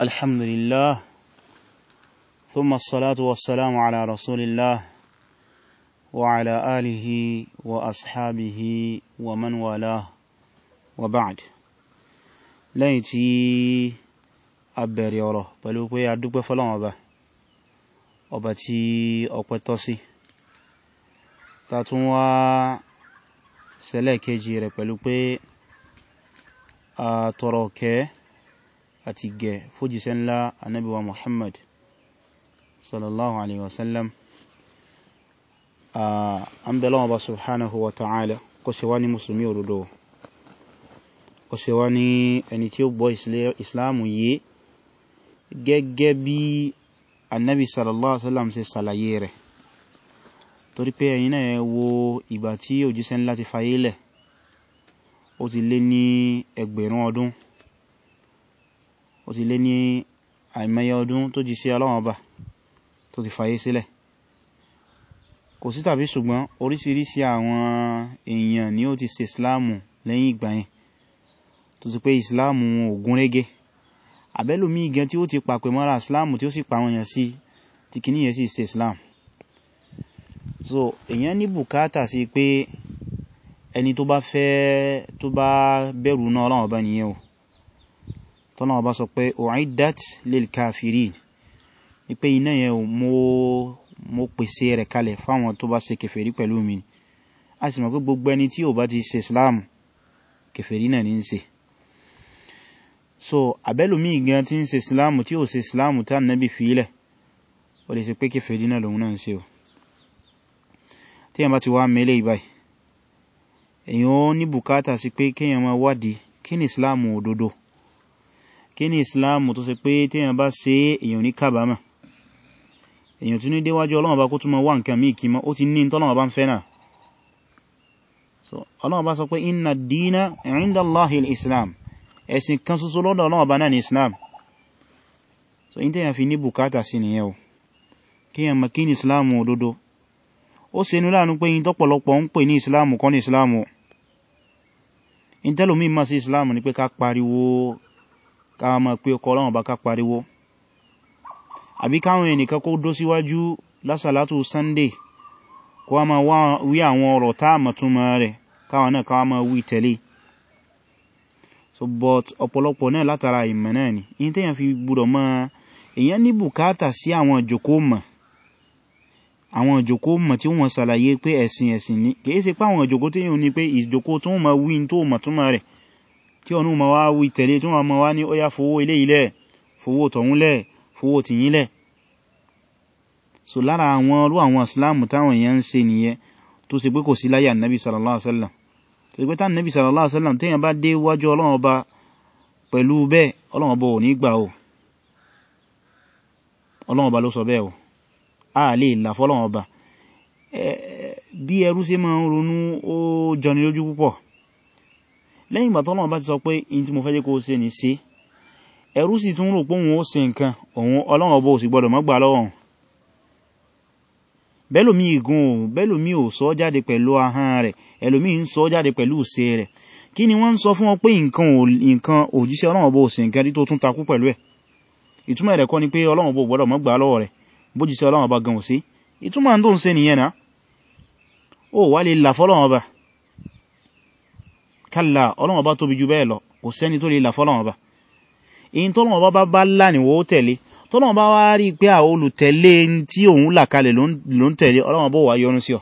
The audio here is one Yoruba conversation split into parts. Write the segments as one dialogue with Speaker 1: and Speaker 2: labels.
Speaker 1: الحمد لله ثم الصلاة والسلام على رسول الله وعلى آله وأصحابه ومن والاه وبعد lẹ́yìn tí a bẹ̀rẹ̀ ọ̀rọ̀ pẹ̀lú pé a dúpẹ́ fọ́lọ́wọ́n ọba ọba tí ọpẹ́ tọ́ sí ta tún wá sẹ́lẹ̀ kejì rẹ̀ pẹ̀lú pé a tọrọ kẹ́ẹ́ àti gẹ̀ fójíṣẹ́ ńlá anábíwa Muhammad sallallahu alaihi wasallam an bẹ̀lọ́ ọba subhanahu wa ta'ala kó ṣe wá ní musulmi òdodo kó ṣe wá ní ẹni tí ó gbọ́ islamu yé gẹ́gẹ́ bí annabi sallallahu alaihi wasallam ṣe rẹ̀ torí pé ẹ̀yin náà wo ìgbà tí òjíṣẹ́ ńlá ti fayé lẹ̀ ó ti lé ní ẹgbẹ̀rún ọdún ó ti lé ní àìmẹ́yẹ ọdún tó jí sí Ọlọ́run Ọba tó ti fàyè sílẹ̀ kò sí tàbí ṣùgbọ́n oríṣiríṣi àwọn èèyàn ni ó ti ṣe islamu lẹ́yìn ìgbà yẹn tó ti pé islamu ogun rege àbẹ́lòmí igan tí ó ti pàpẹ mọ́ra islamu tí ó sì pa àwọn èèyàn sí ti kì níyẹ̀ sí ṣe islam so èèyàn ní bùkátà sí pé ẹni tó bá fẹ́ tó bá bẹ̀rù náà Ọlọ́run Ọba nìyẹn o tọ́nà ọba sọ pé u'iddat lil kafirin ní pé iná yẹn mo pèsè rẹ̀ kalẹ̀ fáwọn tó bá ṣe kèfèrí pẹ̀lú mi a sì mọ̀ pé gbogbo ẹni tí ò bá ti ṣe islam kèfèrí náà ní ń ṣe so abẹ́lùmí gan tí ń ṣe islam tí ò ṣe islam tí annabi fi ilẹ̀ lè ṣe pé kèfèrí náà lòun náà ń ṣe o kí ni islam tó ṣe pé téèyàn bá ṣe èèyàn ní kábàámà èèyàn tún ní déwájú Ọlọ́run kó túnmọ̀ wá nǹkan míì kí mọ́ ó ti ní tọ́lọ́run ń fẹ́ náà so Ọlọ́run bá sọ pé inna ad-dīna Islam, Allāhi al-Islām ẹ̀sìn kan ṣoṣo lọ́dọ̀ Ọlọ́run Islam so in tẹ́yàn fi ní bùkátà sí nìyẹn o kíyàn mọ̀ kí ní Islam òdodo ó ṣe ní láàánú pé in tọ́pọ̀lọpọ̀ ń pè ní Islam kọ́ ká mọ̀ pé ọkọ̀ ọlọ́run bá ká pariwo àbí káwọn ẹnìkan kó dó síwájú lásàlátù sunday kó a máa wí àwọn ọ̀rọ̀ táàmà túnmọ̀ rẹ̀ káwọn náà káwọn máa wí tẹ̀lé so but ọ̀pọ̀lọpọ̀ náà látara ìmọ̀ náà ni in tẹ́yàn fi gbúdọ̀ mọ́ èyàn ní bùkátà sí àwọn ìjòkóòmọ̀ àwọn ìjòkóòmọ̀ tí wọ́n ṣàlàyé pé ẹ̀sìn ẹ̀sìn ní kìí ṣe pé àwọn ìjòkó tí yíò ní pé ìjòkó tó mọ̀ wí tó mọ̀ túnmọ̀ rẹ̀ tí ọ̀nà ma wá wí tẹ̀lé tí wọ́n ma wá ní ó yá fowó ilé ilẹ̀ fowó tọ̀hún lẹ̀ fowó tìyín lẹ̀ so lára àwọn ọrú àwọn islam táwọn èèyàn ń ṣe nìyẹn tó ṣe pé kò sí láyà nabi sallallahu alaihi wasallam tó sallallahu alaihi wasallam téèyàn bá dé wájú ọlọ́run ọba pẹ̀lú bẹ́ẹ̀ ọlọ́run ọba ò ní gbà o ọlọ́run o a lè là lẹ́yìn ìgbà tọ́lọ́wọ́ bá ti sọ pé in tí mo fẹ́ jẹ́ kó ṣe ní ṣe ẹrú sì tún rò pé òun ó ṣe nǹkan òun Ọlọ́run ọbọ̀ òsì gbọdọ̀ má gbà lọ́wọ́ òun bẹ́lòmí ìgùn ò bẹ́lòmí ò sọ jáde pẹ̀lú ahán rẹ̀ ẹlòmí ń sọ jáde pẹ̀lú ìṣe rẹ̀ kí ni wọ́n ń sọ fún ọ pé nǹkan òjíṣẹ́ Ọlọ́run ọbọ̀ òsì nǹkan tó tún takú pẹ̀lú ẹ̀ ìtumọ̀ rẹ̀ kọ́ ni pé Ọlọ́run ọbọ̀ gbọdọ̀ má lọ́wọ́ rẹ̀ bójíṣẹ́ Ọlọ́run ọba gan òsì ìtumọ̀ tó ń ṣe nìyẹn náà ó wà lè là fọ́lọ́run ọba kalla ọlọ́wọ́ bá tóbi jù bẹ́ẹ̀ lọ kò sẹ́ni tó lè là fọ́lọ́wọ́ bá èyí tọ́lọ́wọ́ bá bá bá là ní wọ́n tẹ̀lé tọ́lọ́wọ́ bá wá rí pé àwọn olùtẹ̀lé tí òun là kalẹ̀ ló ń tẹ̀lé ọlọ́wọ́ bó wà yọ́nú sí ọ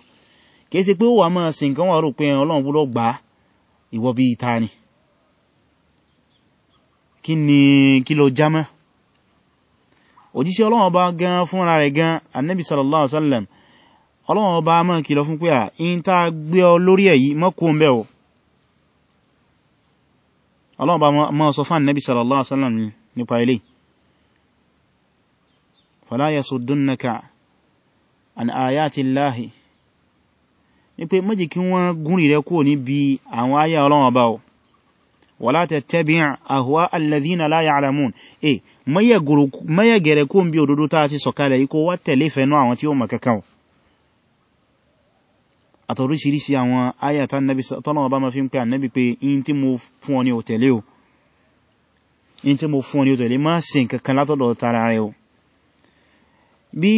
Speaker 1: kìí ṣe pé ó wà máa sin kan wà rò pé ọlọ́wọ́ bó gbà ìwọ bí ìta ni kí ni kí ló jámá òjíṣẹ́ ọlọ́wọ́ bá gan fúnra rẹ̀ gan annabi sallallahu alaihi wasallam ọlọ́wọ́ bá máa kìlọ̀ fún pé à in ta gbé ọ lórí èyí mọ́kùn bẹ́ẹ̀ Allah bá máa sọ fún Nabi sallallahu alaihi wasallam nípa ilé fala yasuddunaka an ayati Allahi ní pé méjì kí wọ́n gúnrì rẹ kúrò níbi àwọn ayá ọlọ́wọ́ bá o wala tattabi' ahwa alladhina la ya'lamun e eh, mẹ́yẹ̀ gẹ̀rẹ̀ kúrò bí òdodo ta ti sọ̀kalẹ̀ ikó wá tẹ̀lé fẹ́nu àwọn tí ó mọ̀ kankan àtọ̀ríṣiríṣi àwọn ayata tọ́nà ọba ma fi ń pè ànábì pé in tí mo fún ọ ní òtẹ̀lé o in tí mo fún ọ ní òtẹ̀lé má ṣe nǹkankan látọ̀dọ̀ tara rẹ o bí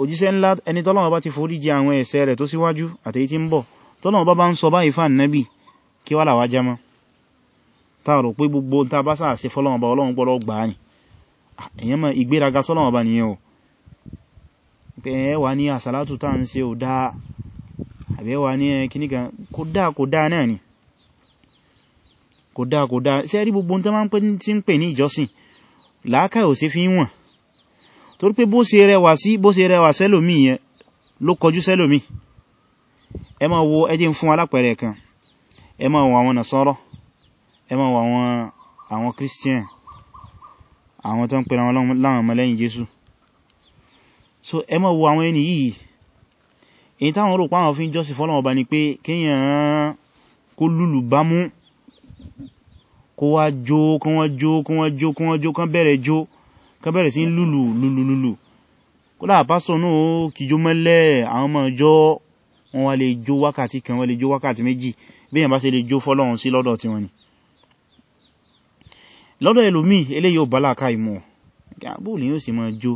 Speaker 1: òjíṣẹ́ ńlá ẹni tọ́nà ọba ti forí jì àwọn ẹ̀ṣẹ̀ rẹ̀ tó síwájú àtèyí tí ń bọ̀ tọ́nà ọba bá ń sọ báyìí fún ànábì kí ah, ní àsàlátù tá ń ṣe ò dáa àbẹ́wà ní eh, kíní kan kò dáa kò dáa náà ni kò dáa kò dáa ṣe rí gbogbo tán máa ń pè ní ìjọsìn làákàyè ò sí fi wọ̀n torí pé bó ṣe rẹwà sí bó ṣe rẹwà sẹ́lòmí yẹn ló kọjú sẹ́lòmí ẹ máa wo ẹjẹ́ ń fún alápẹẹrẹ kan ẹ máa wo àwọn nàṣọ́rọ́ ẹ máa wo àwọn christian àwọn tó ń pè láwọn láwọn ọmọlẹ́yìn jésù so ẹ máa wo àwọn ẹni yìí èyí táwọn rò páwọn fi ń jọ́sìn fọ́lọ́wọ́ bá ní pé kíyàn kó lùlù bá mú kó wá jó kó wọ́n jó kó wọ́n jó kó wọ́n jó kán bẹ̀rẹ̀ jó kán bẹ̀rẹ̀ sí lùlù lùlù lùlù kódà pásọ̀ náà kìjó mẹ́lẹ̀ àwọn ọmọ ọjọ́ wọn wá lè jó wákàtí kan wọ́n lè jó wákàtí méjì bí èyàn bá ṣe lè jó fọ́lọ́run sí lọ́dọ̀ tiwọn ni lọ́dọ̀ ẹlòmíì eléyìí ò bá láàká ìmọ̀ bóòlù yóò sì máa jó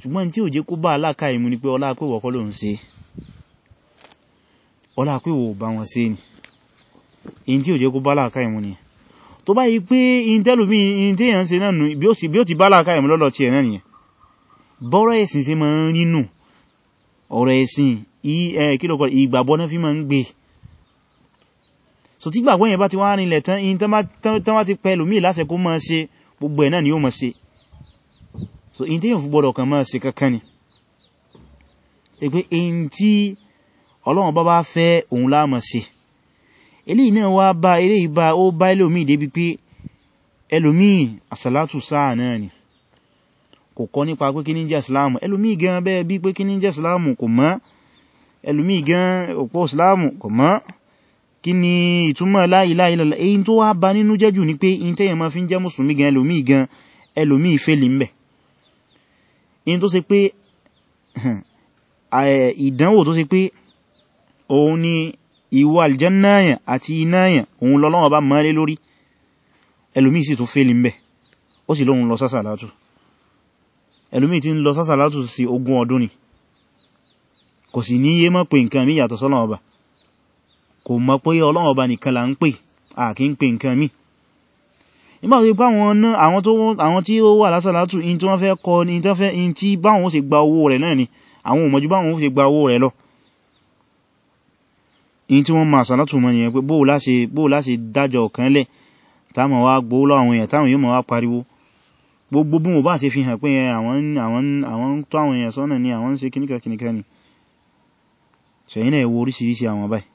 Speaker 1: ṣùgbọ́n tí ò kó bá láàká ìmú ni pé ọlá pé wọ́kọ́ lòun ṣe ọlá pé o bá wọn ṣe ni in tí ò jẹ́ kó bá láàká ìmú ni tó bá yí pé in tẹ́lùmí in tí èyàn ṣe náà nù bí ó ti bá láàká ìmú lọ́lọ́ ti ẹ̀ náà nìyẹn bọ́rọ̀ ẹ̀sìn ṣe máa ń rínú ọ̀rọ̀ ẹ̀sìn kílọ̀kọ̀ ìgbàgbọ́ náà fi máa ń gbé so tí gbàgbọ́ yẹn bá ti wá rinlẹ̀ tán in tán bá ti pẹ̀lùmí láṣẹ kó máa ṣe gbogbo ẹ̀ náà ni ó máa ṣe so in tí èyàn fúgbọ́dọ̀ kan máa ṣe kankan ni pé in tí ọlọ́run bá bá fẹ́ òun láàmọ̀ sí eléyìí náà wá bá eré ìbá ó bá ẹlòmíì débi pé ẹlòmíì àsàlátù sáà náà ni kò kọ́ nípa pé kí ní jẹ́ ìsìláàmù ẹlòmíì gan bẹ́ẹ̀ bí pé kí ní jẹ́ ìsìláàmù kò mọ̀ ẹlòmíì gan òpó ìsìláàmù kò mọ̀ kí ni ìtumọ̀ la ilaha illallah èyí tó wá bá nínú jẹ́jù ni pé in tẹ́yẹ̀ ma fi ń jẹ́ mùsùlùmí gan ẹlòmíì gan ẹlòmíì fèlì ń bẹ̀ in tó ṣe pé ìdánwò tó ṣe pé òun ni ìwọ aljannáyàn àti ináyàn òun lọ́lọ́wọ́ bá mọ́lé lórí ẹlòmí sì tó fèlì ń bẹ̀ ó sì lóhun lọ sásàlátù ẹlòmí tí ń lọ sásàlátù sí ogún ọdún ni kò sì ní yé mọ́ pé nǹkan mí yàtọ̀ sọ́lọ́wọ́ bá kò mọ̀ pé Ọlọ́run Ọba nìkan là ń pè àkí ń pè nǹkan mí nígbà tó bá wọn ná àwọn tí ó wà lásàlátù in tí wọ́n fẹ́ kọ́ ní tí báwọn ó sì gba owó rẹ̀ náà ni àwọn òmọ̀jú báwọn ó sì gba owó rẹ̀ lọ in tí wọ́n ma sàlátù mọ́ nìyẹn pé bóò láṣe dájọ ọ̀kan lẹ̀ táàmà wá gbówó lọ àwọn èèyàn táwọn yóò ma wá pariwo gbogbo bí wọ́n bá ṣe fi hàn pé àwọn tó àwọn èèyàn sọ́nà ni àwọn ń ṣe kíníkà ni ṣẹ̀yìn náà ẹwọ oríṣiríṣi àwọn báyìí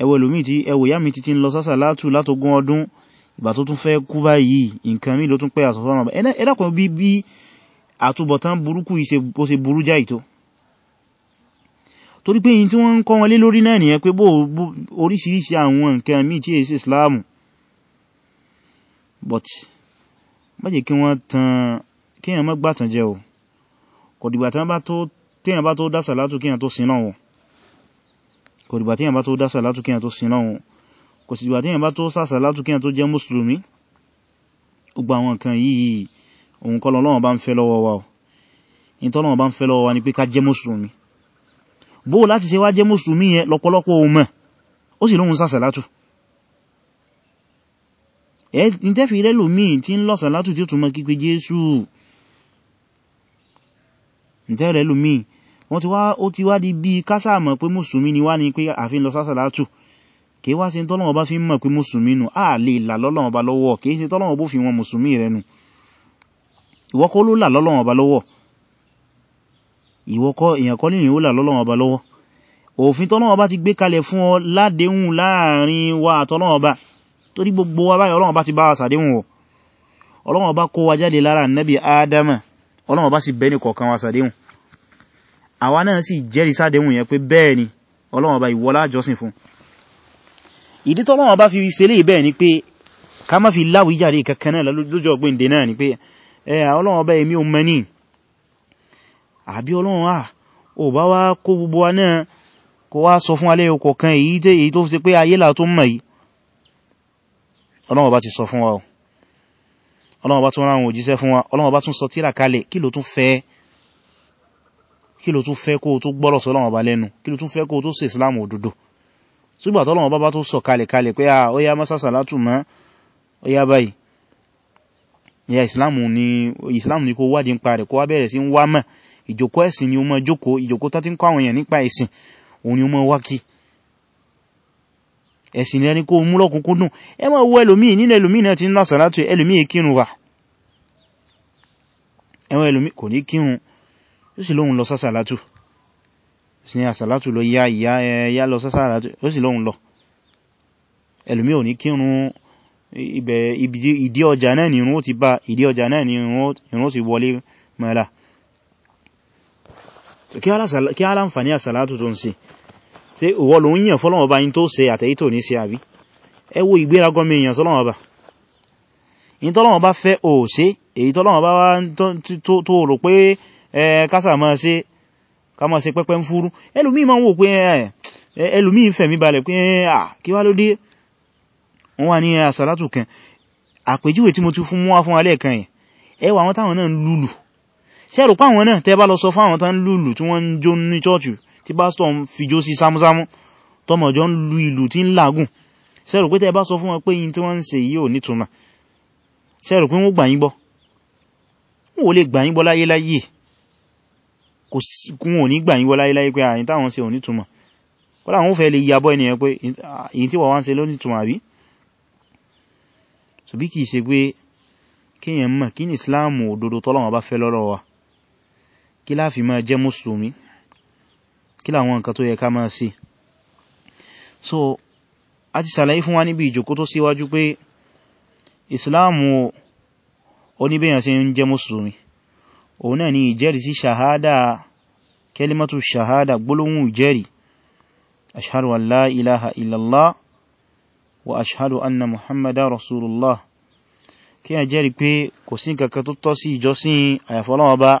Speaker 1: ẹwọ ẹlòmí tí ẹwọ ìyá mi títí ń lọ sásà látù látogún ọdún ìgbà tó tún fẹ́ kú báyìí nǹkan mí ló tún pẹ́ àsọ̀sọ́nà ẹ̀dàkùn bí àtúbọ̀tán burúkú ìṣe bó ṣe burú jáì tó torí pé yìí tí wọ́n ń kọ́ wọn lé lórí náà nìyẹn pé bó oríṣiríṣi àwọn nǹkan míì tí èsì islamu but mọ́jẹ̀ kí wọ́n tàn kí èyàn má gbàtàn jẹ́ o kò dìgbà téyàn bá tó dá sàlátù kíyàn tó sin Ọlọ́hun kò dìgbà téyàn bá tó dá sàlátù kíyàn tó sin Ọlọ́hun kò sì dìgbà téyàn bá tó sá sàlátù kíyàn tó jẹ́ mùsùlùmí gbogbo àwọn nǹkan yìí òun kọ́ lọ́wọ́ bá ń fẹ́ lọ́wọ́ wa ò bá ń fẹ́ lọ́wọ́ wa ni pé ká jẹ́ mùsùlùmí bó láti ṣe wá jẹ́ mùsùlùmí yẹn lọ́pọ̀lọpọ̀ ọmọ ó sì lóhun sàṣàlátù ẹ̀ ní tẹ́fì ilẹ̀ lòmí tí ń lọ́sàlátù tí ó túnmọ̀ kípe Jésù ìtẹ́rẹ̀ lòmí wọ́n ti wá ó ti wá di bí kásàmọ̀ pé mùsùlùmí ni wá ní pé àfin lọ sàṣàlátù kìí wá sí tọ́lọ́wọ́ bá fi ń mọ̀ pé mùsùlùmí nù a lè là lọ́lọ́wọ́ bá lọ́wọ́ kìí sí tọ́lọ́wọ́ bó fi wọn mùsùlùmí rẹ nù ìwọ́kọ́ ló là lọ́lọ́wọ́ bá lọ́wọ́ ìwọ́kọ́ èyàn kọ́ lèyìn ó là lọ́lọ́wọ́ ọba lọ́wọ́ òfin tọ́lọ́wọ́ bá ti gbé kalẹ̀ fún ọ ládéhùn láàrin wa àtọ́lọ́wọ́ bá torí gbogbo wa báyìí ọlọ́wọ́ bá ti bá wa sàdéhùn ọ ọlọ́wọ́ bá kó wa jáde lára nẹ́bí ádámà ọlọ́wọ́ bá sì bẹ́ni kọ̀ọ̀kan wa sàdéhùn àwa náà sì jẹ́rìí sàdéhùn yẹn pé bẹ́ẹ̀ ni ọlọ́wọ́ bá ìwọ la jọ́sìn fún ìdí tọ́lọ́wọ́ bá fi ṣe lè bẹ́ẹ̀ ni pé ká má fi láwíjàre kankan náà lójọ́ ọgbìn dè náà ni pé ọlọ́wọ́ bá èmi ò mẹ́ni àbí ọlọ́run à ah, ò bá wá kó gbogbo wa náà kó wá sọ fún alẹ́ ọkọ̀ kan èyí tẹ́ èyí tó fi pé ayé là tó mọ̀ yìí ọlọ́run bá ti sọ fún wa ọlọ́run bá tún rán àwọn òjíṣẹ́ fún wa ọlọ́run bá tún sọ tírà kalẹ̀ kí ló tún fẹ́ kó tó gbọ́rọ̀ sọ ọlọ́run bá lẹ́nu kí ló tún fẹ́ kó tó ṣe islam òdodo ṣùgbà tọ́lọ́run bá bá tó sọ kalẹ̀ kalẹ̀ pé ah, ó yá masasa látù mọ́ ó yá báyìí ya islam ni ni kó wádìí ń pa kó wá bẹ̀rẹ̀ sí ń wá mọ̀ ìjókòó ẹ̀sìn ni o mọ́ jókòó ìjókòó tán ti ń kọ́ àwọn èèyàn nípa ẹ̀sìn òun ni o mọ́ wákí ẹ̀sìn ẹni kó mú lọ́kùnkúndùn ẹ mọ́ owó ẹlòmíì nínú ẹlòmíì náà ti ń lọ́sàn látò ẹlòmíì kírun wà ẹwọ́n ẹlòmíì kò ní kírun ó sì lóhun lọ sásà látò sí ni àsàlátù lọ yá ìyá ẹ̀yà lọ sásà látò ó sì lóhun lọ ẹlòmíì ò ní kírun ibẹ̀ ìdí ọjà náà ni irun ó ti bá ìdí ọjà náà ni irun ó ti wọlé mẹ́lá so kí aláǹfàní àsàlátù tó ń ṣe ṣe ìwọ ló ń yàn fọ́lọ́wọ́ bá yín tó ṣe àtẹ́yí tó ní ṣe àbí ẹ wo ìgbéraga mi èèyàn sọ́lọ́wọ́ bá yín tọ́lọ́wọ́ bá fẹ́ ò ṣe èyí tọ́lọ́wọ́ bá tó rò pé kásà máa ṣe ká máa ṣe pẹ́pẹ́ ń fúrú ẹlòmíì máa ń wò pé ẹlòmíì fẹ̀mí balẹ̀ pé kí wá ní àsàlátù kan àpèjúwe tí mo ti fún wá fún alẹ́ kan ẹwà àwọn táwọn náà lùlù sí ẹ̀rù páwọn náà tẹ́ bá lọ sọ fáwọn tán lùlù tí wọ́n ń jó ní chọ́ọ̀chù tí pásítọ̀ ń fi jó sí sámúsámú tọmọ̀jọ́ ń lu ìlù tí ń làágùn sí ẹ̀rù pé tẹ́ bá sọ fún wọn pé yìí tí wọ́n ń ṣe yìí ò nítumà sí ẹ̀rù pé wọ́n gbà yín gbọ́ wọ́n lè gbà yín gbọ́ láyé láyé kò sí kún wọn ò ní kìí ṣe pé kíyàn mọ̀ kí ní Islam òdodo tọ́lọ́wọ́ bá fẹ́ lọ́rọ̀ wa kí la fi máa jẹ́ mùsùlùmí kí láwọn nǹkan tó yẹ ká máa ṣe so a ti sàlàyé fún wa níbi ìjòkó tó síwájú pé ìsìláàmù oníbèyàn ṣe ń jẹ́ mùsùlùmí òun náà ni ìjẹ́rìí sí ṣàhádà kẹlimatu ṣàhádà gbólóhùn ìjẹ́rìí ashhadu an la ilaha illallah wa ashhadu anna muhammada rasulullah kí a jẹ́rìí pé kò sí nǹkan tó tọ́ sí ìjọsìn àyàfọ́lọ́wọ́ bá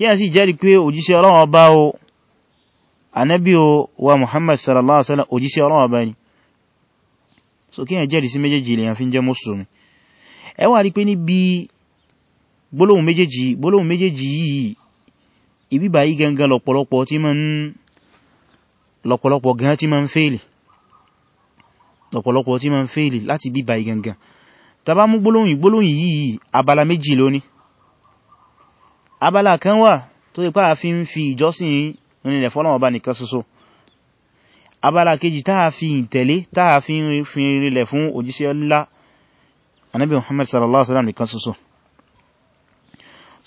Speaker 1: kí a sì jẹ́rìí pé òjíṣẹ́ Ọlọ́run Ọba o ànábì o wa Muhammad sallallahu alaihi wasallam òjíṣẹ́ Ọlọ́run Ọba ni so kí a jẹ́rìí sí méjèèjì lèyàn fi ń jẹ́ mùsùlùmí ẹ wá rí pé níbi gbólóhùn méjèèjì yìí ibi báyìí gangan lọ́pọ̀lọpọ̀ tí ma ń lọ́pọ̀lọpọ̀ gan tí ma ń fèèlì lọ́pọ̀lọpọ̀ tí ma ń fèèlì láti bí báyìí gangan tá bá mú gbólóhùn gbólóhùn yìí abala méjì lónìí abala kan wà tó ti pàá fi ń fi ìjọsìn rinlẹ̀ fọ́lọ́run ọba nìkan ṣoṣo abala kejì táà fi ìtẹ̀lé táà fi ń fi rinlẹ̀ fún òjíṣẹ́ ńlá anábì Muhammad sallallahu nìkan ṣoṣo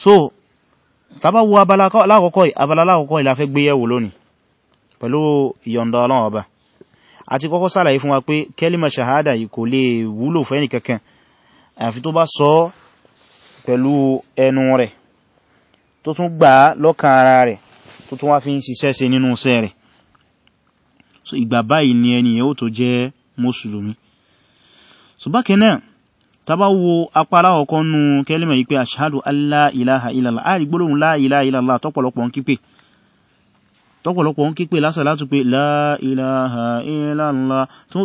Speaker 1: so tàbá wo abala lákọ̀ọ́kọ́ abala lákọ̀ọ́kọ́ ìlà fẹ́ gbéyẹ̀wò lónìí pẹ̀lú ìyọ̀ǹda Ọlọ́run ọba àti kọ́kọ́ sàlàyé fún wa pé kẹ́límà ṣàhádà yìí kò lè wúlò fẹ́ni tó tún gbà lọ́kàn ara rẹ̀ tó tún wá fi ń ṣiṣẹ́ ṣe nínú iṣẹ́ rẹ̀ so ìgbà báyìí ni ẹni yóò tó jẹ́ mùsùlùmí so bákan náà tàbá wo apára ọkọ̀ nú kẹlìmẹ̀ yí pé ashhadu an illallah àrí la ilaha illallah tọ́pọ̀lọpọ̀ ń kípè tọ́pọ̀lọpọ̀ ń kípè lásà látú la ilaha illallah tó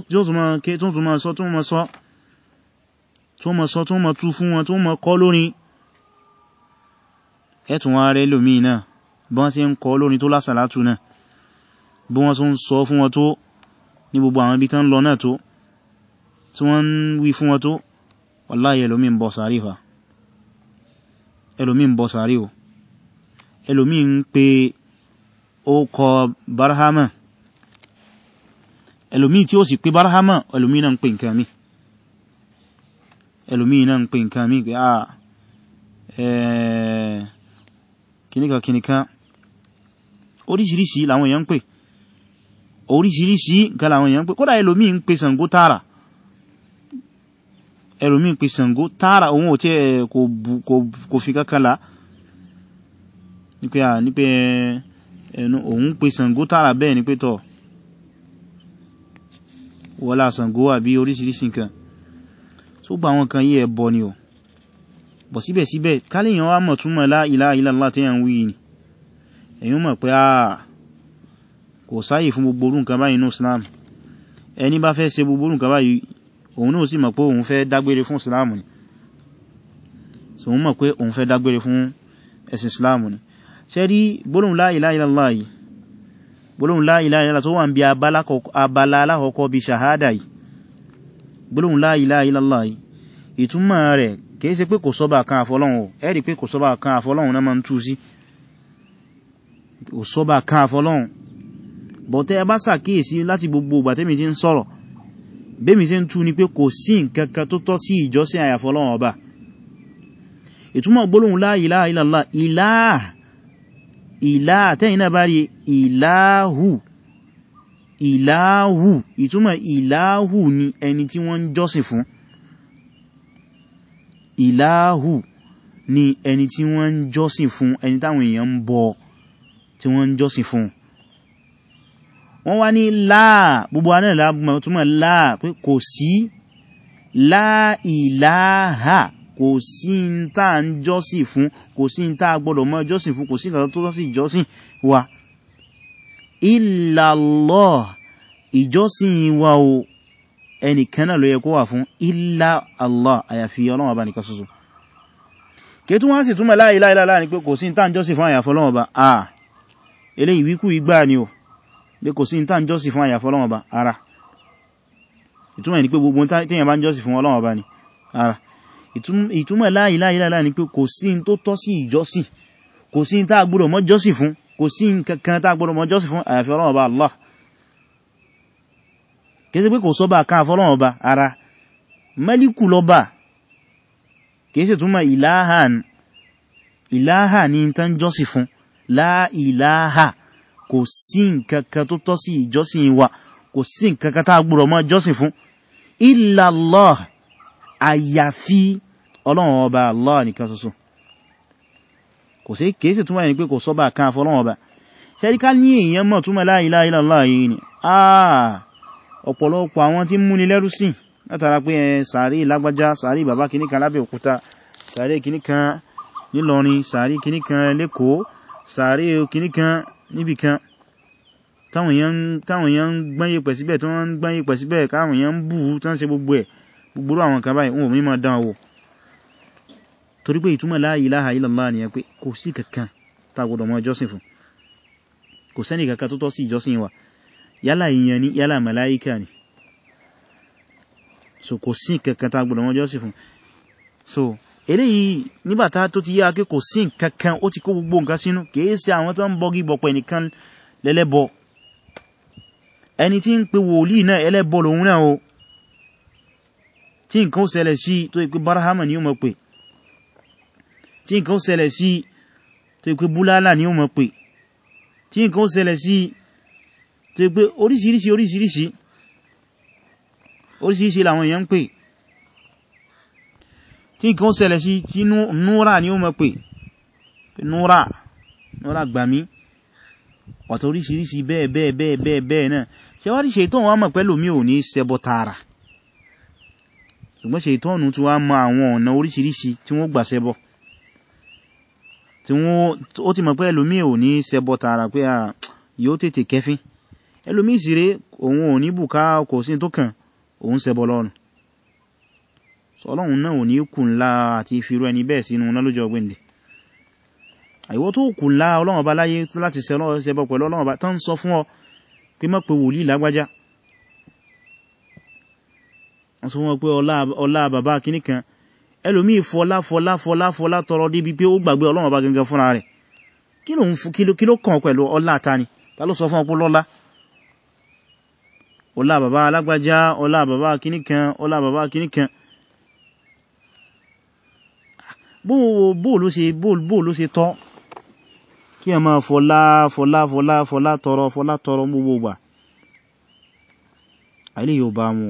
Speaker 1: tún mọ́ sọ tó mọ́ tú fún ẹ tún wá rẹ lómi náà bí wọ́n ṣe ń kọ lórin tó lásàlátù náà bí wọ́n tún sọ fún wọn tó ní gbogbo àwọn ibi tán lọ náà tó tí wọ́n ń wí fún wọn tó wàláyé ẹlòmí ń bọ̀ sàárì o ẹlòmí ń pe ó kọ barhama ẹlòmí tí ó sì pé barhama ẹlòmí náà ń pè nǹkan mi ẹlòmí náà ń pè nǹkan mi pé ah, eh, kìníkan kìníkan oríṣiríṣi làwọn èèyàn ń pè oríṣiríṣi nǹkan làwọn èèyàn ń pè kódà ẹlòmí ń pè Ṣàngó tààrà ẹlòmí ń pè Ṣàngó tààrà òun ò tí ẹ kò fi kankanlá nípe à nípe ẹnu òun pè Ṣàngó tààrà bẹ́ẹ̀ ni pé tọ́ wọ́lá Ṣàngó àbí oríṣiríṣi nǹkan so gba àwọn kan yí ẹbọ ni o bọ̀ síbẹ̀síbẹ̀ káléyàn wá mọ̀ túnmọ̀ la ilaha illallah tí yàn wí ni èyàn mọ̀ pé àà ah, kò sáyè fún gbogbo orú nǹkan báyìí nínú Islam ẹni bá fẹ́ ṣe gbogbo orú nǹkan báyìí òun náà sì mọ̀ pé òun fẹ́ dágbére fún Islam ni so òun mọ̀ pé òun fẹ́ dágbére fún ẹ̀sìn Islam ni ṣe rí gbólóhùn la ilaha illallah yìí gbólóhùn la tó wà ń bí abala alákọ̀ọ́kọ́ bí shahada yìí gbólóhùn la ilaha yìí ìtumọ̀ rẹ̀ kìí ṣe pé kò sọ́bà kan àfọlọ́hun ẹ rí pé kò sọ́bà kan àfọlọ́hun náà ma ń tú sí kò sọ́bà kan àfọlọ́hun bọ̀tẹ́ ẹ bá sàkíyèsí láti gbogbo ìgbà tẹ́mi ti ń sọ̀rọ̀ bẹ́mi ṣe ń tú ni pé kò sí nǹkan kan tó tọ́ sí ìjọsìn àyàfọlọ́hun ọba ìtumọ̀ gbólóhùn la ilaha illallah ìlàá ìlàá tẹ́yìn náà bá rí ìlàáhù ìlàáhù ìtumọ̀ ìlàáhù ni ẹni tí wọ́n ń jọ́sìn fún ìláhù ni ẹni tí wọ́n ń jọ́sìn fún ẹni táwọn èèyàn ń bọ tí wọ́n ń jọ́sìn fún wọ́n wá ní láà gbogbo anẹ́ láàbùmọ̀ láà pé kò sí láà ìláhà kò sí ń tà ń jọ́sìn fún kò sí ń tà gbọ́dọ̀ mọ́ jọ́sìn fún kò sí ìkàtọ́ tó tọ́sí ìjọ́sìn wa ìlàlọ́ ìjọ́sìn wa o ẹnìkan náà ló yẹ kó wà fún illa Allah àyàfi Ọlọ́run ọba nìkan ṣoṣo kẹtù wọ́n sì túnmọ̀ la ilaha illallah ní pé kò sí ní tàn jọ́sìn fún àyàfi Ọlọ́run ọba àà eléyìí wíkú igbá ni o pé kò sí ní tàn jọ́sìn fún àyàfi Ọlọ́run ọba ara ìtúmọ̀ ní pé gbogbo tíyàn bá ń jọ́sìn fún Ọlọ́run ọba ni ara ìtúmọ̀ la ilaha illallah ní pé kò sí ní tó tọ́ sí ìjọ́sìn kò sí ní tá gbọ́dọ̀ mọ́ jọ́sìn fún kò sí ní kankan tá gbọ́dọ̀ mọ́ jọ́sìn fún àyàfi Ọlọ́run ọba Allah kìí pé kò sọ́bà ká fọ́lọ́wọ́ bá ara mẹ́líkù lọ́bà kìí sì túnmà ìláhà ní tán jọ́sì fún láìláhà kò sí nkankan tó tọ́ sí ìjọ́sìn wa kò sí nkankan tá gbúrọ̀ mọ́ jọ́sìn fún illallah àyàfi ọlọ́run ọba Allah nìkan ṣoṣo kò sí kìí sì túnmà ní pé kò sọ́bà ká fọ́lọ́wọ́ bá ṣẹ́ríká ní èèyàn mọ̀ túnmà láìláhà yìí ni ah ọ̀pọ̀lọpọ̀ àwọn tí múni lẹ́rú sí látara pé sàárì lágbájá sàárì bàbá kìníkan lábẹ́ òkúta sàárì kìníkan nílọrin sàárì kìníkan lẹ́kọ̀ọ́ sàárì kìníkan níbìkan táwọn èèyàn ń gbáyé pẹ̀ síbẹ̀ tí wọ́n ń gbáyé pẹ̀ síbẹ̀ káwọn èèyàn ń bú tán ṣe gbogbo ẹ̀ gbogbo àwọn kan báyìí wọn ò mímọ̀ la ilaha illallah ni pé kò sí kankan tá gbọdọ̀ mọ́ ìjọsìn wa yálà èèyàn ni yálà màláíkà ni so kò sí nǹkankan tá gbọ́dọ̀ wọ́n jọ́sìn fún so eléyìí nígbàtá tó ti yá pé kò sí nǹkankan ó ti kó gbogbo nǹkan sínú kìí ṣe àwọn tó ń bọ́gí bọ̀pẹ̀ nìkan lẹ́lẹ́bọ ẹni tí ń pe wòlíì náà ẹlẹ́bọ lòun náà o tí nǹkan ó ṣẹlẹ̀ sí tó ìpé barahama ni ó mọ̀ pé tí nǹkan ó ṣẹlẹ̀ sí tó ìpé búlálà ni ó mọ̀ pé tí nǹkan ó ṣẹlẹ̀ sí tó gbé oríṣiríṣi oríṣiríṣi oríṣiríṣi làwọn èèyàn ń pè tí nǹkan ṣẹlẹ̀ sí tí núra ni ó mọ̀ pé núra núra gbàmí wàtí oríṣiríṣi bẹ́ẹ̀ bẹ́ẹ̀ bẹ́ẹ̀ bẹ́ẹ̀ bẹ́ẹ̀ náà ṣe wá rí ṣètọ́n wọ́n mọ̀ pẹ́lú mi ò ní ṣẹbọ tààrà ṣùgbọ́n ṣètọ́n tí wá mọ àwọn ọ̀nà oríṣiríṣi tí wọ́n gbà ṣẹbọ tí wọ́n ó ti mọ̀ pẹ́lú mi ò ní ṣẹbọ tààrà pé yóò tètè kẹfín ẹlòmí ìsìrè òun ò ní bùká kò sí tó kàn òun ṣẹbọ lọ́run Ọlọ́run náà ò ní kù ńlá àti ìfirú ẹni bẹ́ẹ̀ sínú náà lọ́jọ́ ọgbẹ́ndẹ̀ àìwọ́ tó kù ńlá Ọlọ́run bá láyé láti ṣẹbọ pẹ̀lú Ọlọ́run bá tán sọ fún ọ pé mọ́ pé wòlíì lágbájá wọ́n sọ fún ọ pé ọlá bàbá kìníkan ẹlòmí fọlá fọlá fọlá fọlá tọrọ débi pé ó gbàgbé Ọlọ́run bá gangan fúnra rẹ̀ kí ló kàn pẹ̀lú ọlá ta ni ta ló sọ fún ọ pé lọ́lá ọlá bàbá alágbájá ọlá bàbá kìníkan ọlá bàbá kìníkan bóòló ṣe bóòló ṣe tọ́ kí a máa fọlá fọlá fọlá fọlá tọrọ fọlá tọrọ gbogbo gbà ilé yóò bá wọn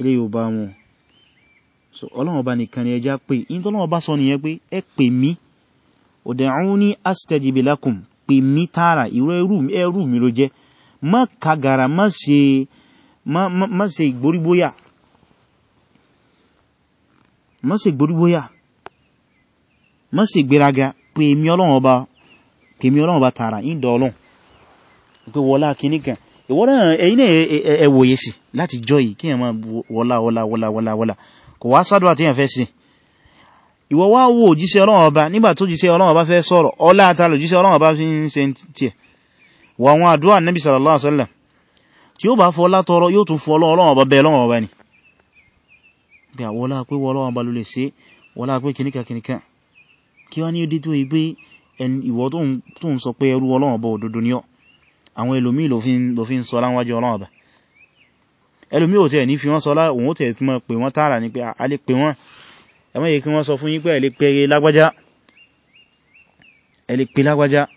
Speaker 1: ilé yóò bá wọn so ọlọ́wọ́ bá nìkan ni ẹjá pé in tó lọ́wọ́ bá sọ nìyẹn pé ẹ pè mí ud'uni astajib lakum pè mí tààrà ìrọ ẹrù mi ló jẹ́ má kagara má ṣe ìgborígbóyà má ṣe ìgborígbóyà má ṣe ìgbéraga pé èmi Ọlọ́run Ọba tààrà ìdọ̀ Ọlọ́run pé wọlá kìníkan ìwọ́n ẹ̀yìn ẹwòye sí láti jọ yìí kí èyàn máa wọlá wọlá wọlá wọlá wọlá kò wá sádùá tí èyàn fẹ́ sí ìwọ wá wò jíṣẹ́ Ọlọ́run Ọba nígbà tó jíṣẹ́ Ọlọ́run Ọba fẹ́ sọ̀rọ̀ ọlá àtàlò jíṣẹ́ Ọlọ́run Ọba fi ń ṣe tí ẹ̀ wọ àwọn àdúrà Nabi sallallahu alaihi wasallam tí ó bá fọ́lá tọrọ yóò tún fọ́ Ọlọ́run ọba bẹ́ẹ̀ lọ́wọ́ ọba ni bí àwọn ọlá pé wọ́n Ọlọ́run ọba ló lè ṣe wọ́lá pé kìníkà kìníkà kí wá ní ó tó ìgbé ìwọ tó ń sọ pé ẹrú Ọlọ́run ọba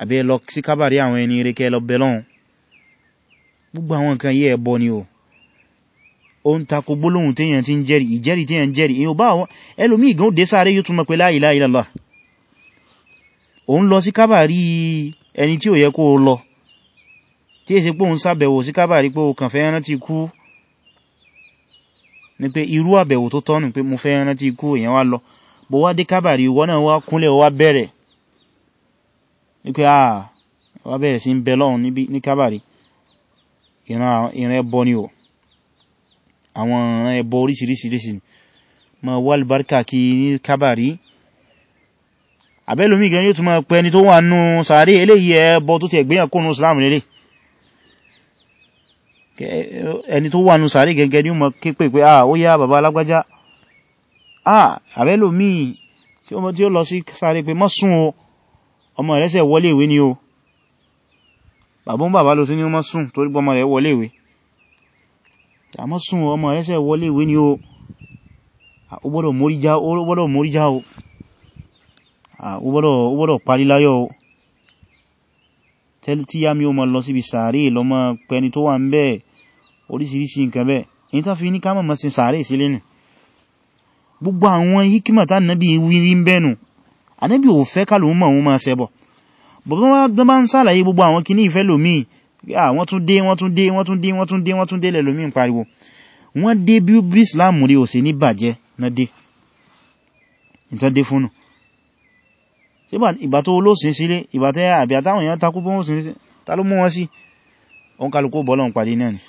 Speaker 1: àbí ẹ lọ sí kábàrí àwọn ẹni ire kẹ́ lọ bẹ̀lọ́n gbogbo àwọn nǹkan yí ẹbọ ni o o ń takò gbólóhùn téèyàn ti ń jẹ́rì ìjẹ́rì téèyàn jẹ́rì èyàn bá àwọn ẹlòmí ìgán òdé sáré yóò túnmọ̀ pé la ilaha illallah o ń lọ sí kábàrí ẹni tí ò yẹ kó lọ tí èsì pé òun sàbẹ̀wò sí kábàrí pé o kàn fẹ́ rántí kú ni pé irú àbẹ̀wò tó tọ́nù pé mo fẹ́ rántí kú èyàn wá lọ bó wá dé kábàrí ìwọ náà wá kúnlẹ̀ wá bẹ̀rẹ̀ wípé àà ah, wà bẹ̀rẹ̀ sí ń bẹ lọ́hun ní kábàrí ìran ẹbọ ni o àwọn ìran ẹbọ oríṣìíríṣìí ma wà albarka kí ní kábàrí àbẹ́lómi gan yóò tún máa pẹ́ ni tó wà nù sàárè eléyìí ẹbọ tó ti ẹ̀gbéyàn kónú Islam lélẹ̀ ẹni tó wà nù sàárè gẹ́gẹ́ ni ó mọ̀ képe pé ah ó yá bàbá alágbájá ah àbẹ́lómi tí ó lọ sí sàárè pé mọ́ sún o ọmọ rẹ̀ ṣẹ̀ wọlé ìwé ni o bàbá ń bàbá ló sí ní ọmọ sùn torí pé ọmọ rẹ̀ wọlé ìwé àmọ́ sùn ọmọ rẹ̀ ṣẹ̀ wọlé ìwé ni o ó gbọ́dọ̀ mórí já o ó gbọ́dọ̀ mórí já o ó gbọ́dọ̀ parí láyọ̀ o tí yá mi ó mọ lọ síbi sàárè lọ́mọ pẹni tó wà ń bẹ́ẹ̀ oríṣiríṣi nǹkan bẹ́ẹ̀ èyí tán fi ní ká mọ̀ mọ́ sí sàárè sílé gbogbo àwọn hikimata nabi wírí ń bẹ́nu Ànábì ò fẹ́ kálù mọ̀ òun máa ṣẹbọ bọ̀bọ̀ wọ́n bá ń sàlàyé gbogbo àwọn kìíní ìfẹ́ lòmí wọ́n tún dé wọ́n tún dé wọ́n tún dé wọ́n tún dé wọ́n tún dé lẹ́lòmí ń pariwo wọ́n dé bí Islam rí ò sí ní bàjẹ́ náà dé ìtàn dé fúnnù ìgbà tó olóòsìn sílé ìgbà tẹ́ àbí àtàwọn èèyàn takú bọ́n òsìn ta ló mú wọn sí òun kálukú bọ́lọ̀ ń pàdé náà ni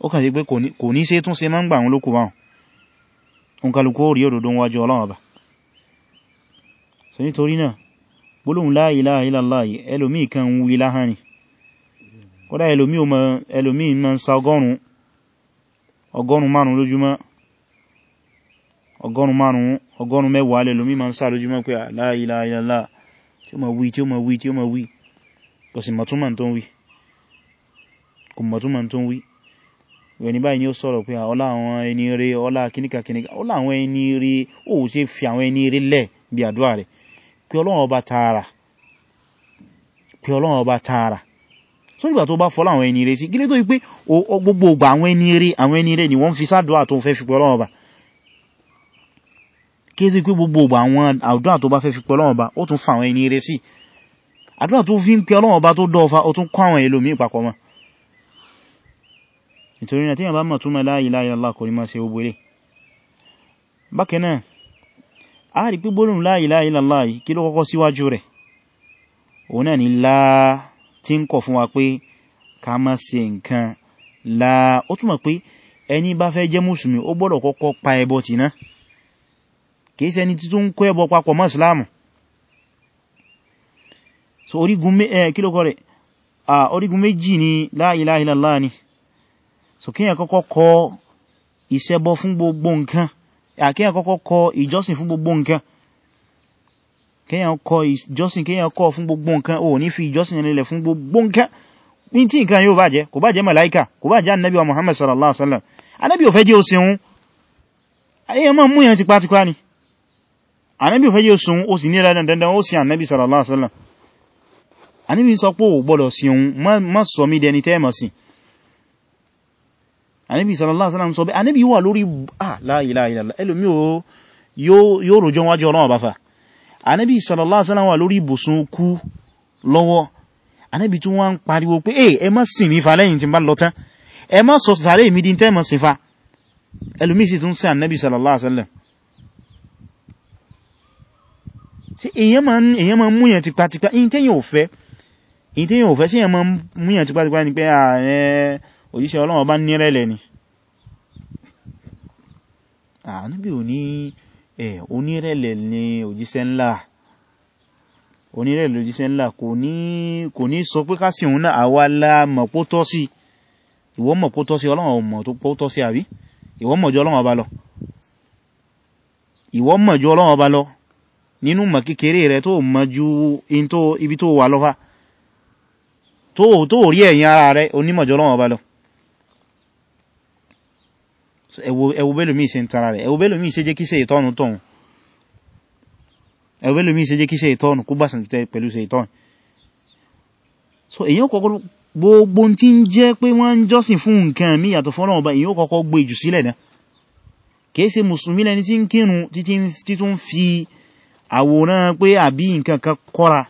Speaker 1: ó kàn sí pé kò ní ṣe tún ṣe máa ń gbà àwọn olókùnbáwọn òun kálukú ó rí òdòdó wájú Ọlọ́run ọba so nítorí náà gbólóhùn la ilaha illallah ẹlòmí kan ń wí láhán ni kódà ẹlòmí o mọ̀ ẹlòmí ma ń sa ọgọ́rùn ọgọ́rùn márùn lójúmọ́ ọgọ́rùn márùn ọgọ́rùn mẹ́wàá lẹ́lòmí ma ń sa lójúmọ́ pé la ilaha illallah tí ó ma wí tí ó ma wí tí ó ma wí kò sì mọ̀túnmà tó ń wí kò mọ̀túnmà tó ń wí ìwẹ̀ pé ọlọ́run ọba tààrà pé ọlọ́run ọba tààrà so nígbà tó bá fọ́lá àwọn ẹni rẹ̀ sí gílé tó wípé gbogbo ògbà àwọn ẹni rẹ̀ àwọn ẹni rẹ̀ ni wọ́n fi sádùá tó fẹ́ fi pé ọlọ́run ọba kí é sí pé gbogbo ògbà àwọn àdúrà tó bá fẹ́ fi pé ọlọ́run ọba ó tún fa àwọn ẹni rẹ̀ sí àdúrà tó fi ń pé ọlọ́run ọba tó dọ́ọ̀fà ó tún kọ́ àwọn ẹlòmí ìpapọ̀ mọ́ nítorí náà tí yàn bá mọ̀ túnmọ̀ la a rí pé gbólóhùn la ilaha illallah kí ló kọ́kọ́ síwájú rẹ̀ òun náà ni láà tí ń kọ̀ fún wa pé ká má ṣe nǹkan láà ó túnmọ̀ pé ẹni bá fẹ́ jẹ́ mùsùlùmí ó gbọ́dọ̀ kọ́kọ́ pa ẹbọ tì ná kìí ṣẹni tí tó ń kó ẹbọ papọ̀ mọ́ ìsìláàmù so eh, kí ló la ilaha illallah so kíyàn kọ́kọ́ kọ ìṣẹbọ fún gbogbo nǹkan àkíyàn kọ́kọ́ kọ ìjọsìn fún gbogbo nǹkan kíyàn kọ ìjọsìn kíyàn kọ fún gbogbo nǹkan o ní fi ìjọsìn nílẹ̀ fún gbogbo nǹkan ní tí nǹkan yóò bàjẹ́ kò bàjẹ́ màláíkà kò bàjẹ́ annabi wa muhammad sallallahu alaihi wasallam annabi ò fẹ́ jẹ́ òsìn ayé ma mú yàn tipátipá ni annabi ò fẹ́ jẹ́ òsìn ó sì ní ẹ̀rẹ́ dandan ó sì annabi sallallahu alaihi wasallam annabi sọ pé ò gbọ́dọ̀ sí òun má sọ mí dẹni tẹ́ẹ̀mọ̀ sí ànábì sallallahu alaihi wasallam sọ bẹ́ ànábì wà lórí ah la ilaha illallah ẹlòmí o yóò rojọ́ wájú ọlọ́wọ́ bá fa ànábì sallallahu alaihi wasallam wà lórí ibùsùn kú lọ́wọ́ ànábì tún wá ń pariwo pé ẹ má sìn mí fa lẹ́yìn tí n bá lọ tán ẹ má sọ sàárè mi di tẹ́ mọ́ sìn fa ẹlòmí sì tún sẹ́ ànábì sallallahu alaihi wasallam tí èyàn ma mú yàn tipatipa in tẹ́yàn ò fẹ́ in tẹ́yàn ò fẹ́ sí èyàn ma mú yàn tipatipa ni pé ààrẹ òjíṣẹ́ Ọlọ́run bá nírẹ̀lẹ̀ ni ànábì ò ní ẹ̀ onírẹ̀lẹ̀ ni òjíṣẹ́ ńlá onírẹ̀lẹ̀ òjíṣẹ́ ńlá kò ní sọ pé kásì òun náà àwa la mọ̀ pó tọ́ sí ìwọ mọ̀ pó tọ́ sí Ọlọ́run ò mọ̀ pó tọ́ sí àbí ìwọ mọ̀ ju Ọlọ́run ọba lọ nínú mọ̀ kékeré rẹ̀ tó mọ̀ ju ibi tó wà lọ́fà tó rí ẹ̀yìn ara rẹ̀ onímọ̀jọ́ Ọlọ́run ọba lọ ẹwọ bẹ́lòmí ṣe ń tara rẹ̀ ẹwọ bẹ́lòmí ṣe jẹ́ kí ṣe ìtọ́nù tọ́hun ẹwọ kó bàṣàn tẹ́ pẹ̀lú ṣe ìtọ́nù so èyàn kọ́kọ́ gbogbo tí ń jẹ́ pé wọ́n ń jọ́sìn fún nǹkan mí yàtọ̀ fọ́nà ọba èyàn kọ́kọ́ gbé jù sílẹ̀ náà kìí ṣe mùsùlùmí lẹni tí ń kírun títí tún fi àwòrán pé àbí nǹkan kan kọ́ra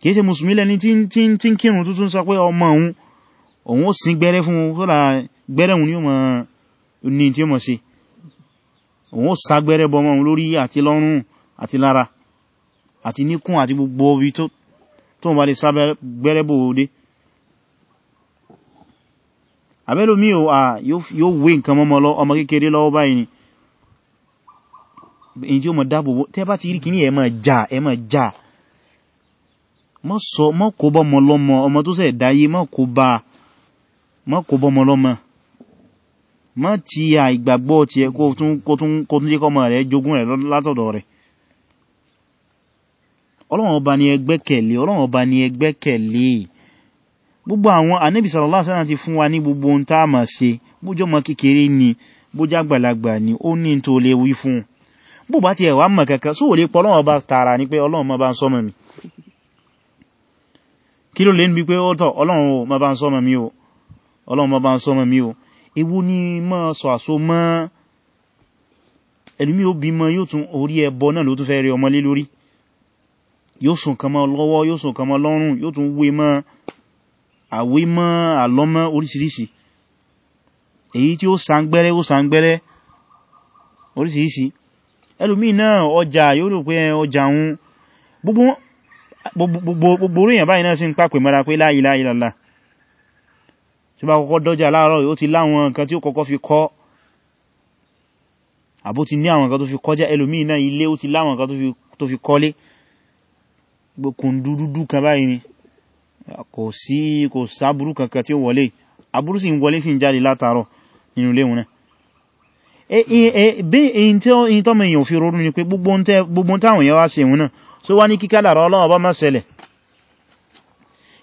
Speaker 1: kìí ṣe mùsùlùmí lẹni tí ń kírun tuntun sọ pé ọmọ òun òun ó sín gbẹ́rẹ́ fún sọ́lá gbẹ́rẹ́ òun ni ó mọ̀ ní tí ó mọ̀ sí òun ó sá gbẹ́rẹ́ bọ́ mọ́ lórí àti lọ́rùn àti lára àti níkùn àti gbogbo ibi tó tó bá lè sá gbẹ́rẹ́ bò ó dé àbẹ́lómi ò à yóò wé nǹkan mọ́mọ́ lọ ọmọ kékeré lọ́wọ́ báyìí ni èyí tí ó mọ̀ dáàbò tẹ́ bá ti rí kìíní mọ́ kó bọ́ mọ́ lọ́mọ ọmọ tó ṣẹ̀ dáyé mọ́ kó bá a má kó bọ́mọ lọ́mọ má ti àìgbàgbọ́ ti ẹ kó tún jẹ́ kọ́mọ rẹ̀ jogún rẹ̀ látọ̀dọ̀ rẹ̀ ọlọ́run ọba ni ẹ gbẹ́kẹ̀lé ọlọ́run ọba ni ẹ gbẹ́kẹ̀lé gbogbo àwọn ànábì sallallahu ti fún wa ní gbogbo ohun tá a máa ṣe bójọ́ mọ́ kékeré ni bójá gbàlagbà ni ó ní tó lè wí fún bó bá ti ẹ̀wà mọ̀ kankan só lè pọ̀ ọlọ́run ọba tààrà ní pé ọlọ́run máa bá ń sọ́mọ̀ mi kí ló lè ń bí pé ó tọ̀ ọlọ́run máa bá ń sọ́mọ̀ mi o ọlọ́run ma bá ń sọmọ mi o ewu ni ma sọ àso mọ́ ẹlùmí òbí mọ́ yóò tún orí ẹbọ náà ló tún fẹ́ rí ọmọ lé lórí yóò sùn kan mọ́ lọ́wọ́ yóò sùn kan mọ́ lọ́rùn yóò tún wé mọ́ àwé mọ́ àlọ́mọ́ oríṣiríṣi èyí tí ó sàngbẹ́rẹ́ ó sàngbẹ́rẹ́ oríṣiríṣi ẹlùmí náà ọjà yóò rò pé ọjà òun gbogbo orí èèyàn báyìí náà sì ń pàpè mọ́ra pé la ilaha illallah tí bá kọ́kọ́ dọ́jà láàárọ̀ yóò ti láwọn nǹkan tí ó kọ́kọ́ fi kọ́ àbó ti ní àwọn nǹkan tó fi kọjá ẹlòmíì náà ilé ó ti láwọn nǹkan tó fi kọ́lé kùn dúdú kan báyìí ni kò sí kò sáburú kankan tí ó wọlé aburú sì ń wọlé sí jáde látàárọ̀ nínú ilé wọn náà èyí tọ́mọ èèyàn fi ronú ni pé gbogbo táwọn èèyàn wá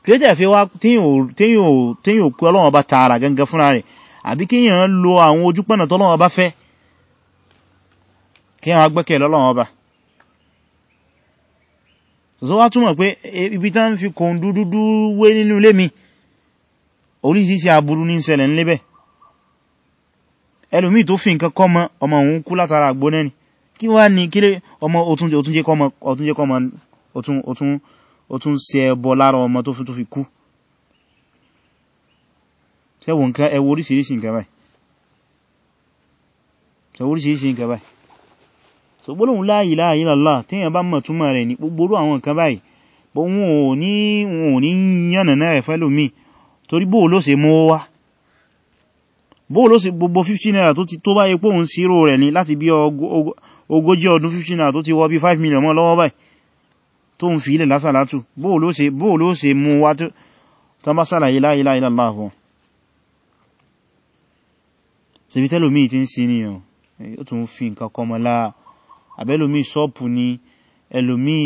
Speaker 1: kìrẹ́tẹ̀ fi wá tíyàn pẹ́ ọlọ́wọ́ bá tààrà gangan fúnra rẹ̀ àbí kíyàn lo àwọn ojúpọ̀nà tọ́lọ́wọ́ bá fẹ́ kíyàn wá gbẹ́kẹ̀ lọ́lọ́wọ́ bá so wá túmọ̀ pé ibi tá ń fi kòun dúdú wé nínú ilé mi oríṣiríṣi aburú ní ṣẹlẹ̀ nílébẹ̀ ẹlòmíì tó fi nǹkan kọ́ mọ́ ọmọ òun kú látara àgbónẹ́ni kí wá ní kílé ọmọ òtúnjẹ kọ́ mọ́ ó tún ṣe ẹbọ lára ọmọ tó fi tó fi kú ṣẹ́wọ̀n nǹkan ẹwọ oríṣìíríṣìí nǹkan báyìí ṣẹwọ oríṣìíríṣìí nǹkan báyìí so gbólóhùn la ilaha illallah tí èyàn bá mọ̀ túmọ̀ rẹ̀ ní gbogbo àwọn nǹkan báyìí bó wọn ò ní wọn ò ní yànnà náà ẹ̀fẹ́ lómi torí bóò ló ṣe mú wá million mọ́ lọ́wọ́ báyìí tó ń fi ilẹ̀ lásàlátù bóò ló ṣe mú wá tó bá sàlàyé la ilaha illallah fún ṣe bí tẹ́lòmí ti ń sin nìyàn ó tún fi nǹkan kọmọlá àbẹ́lòmí sọ́ọ̀pù ni ẹlòmí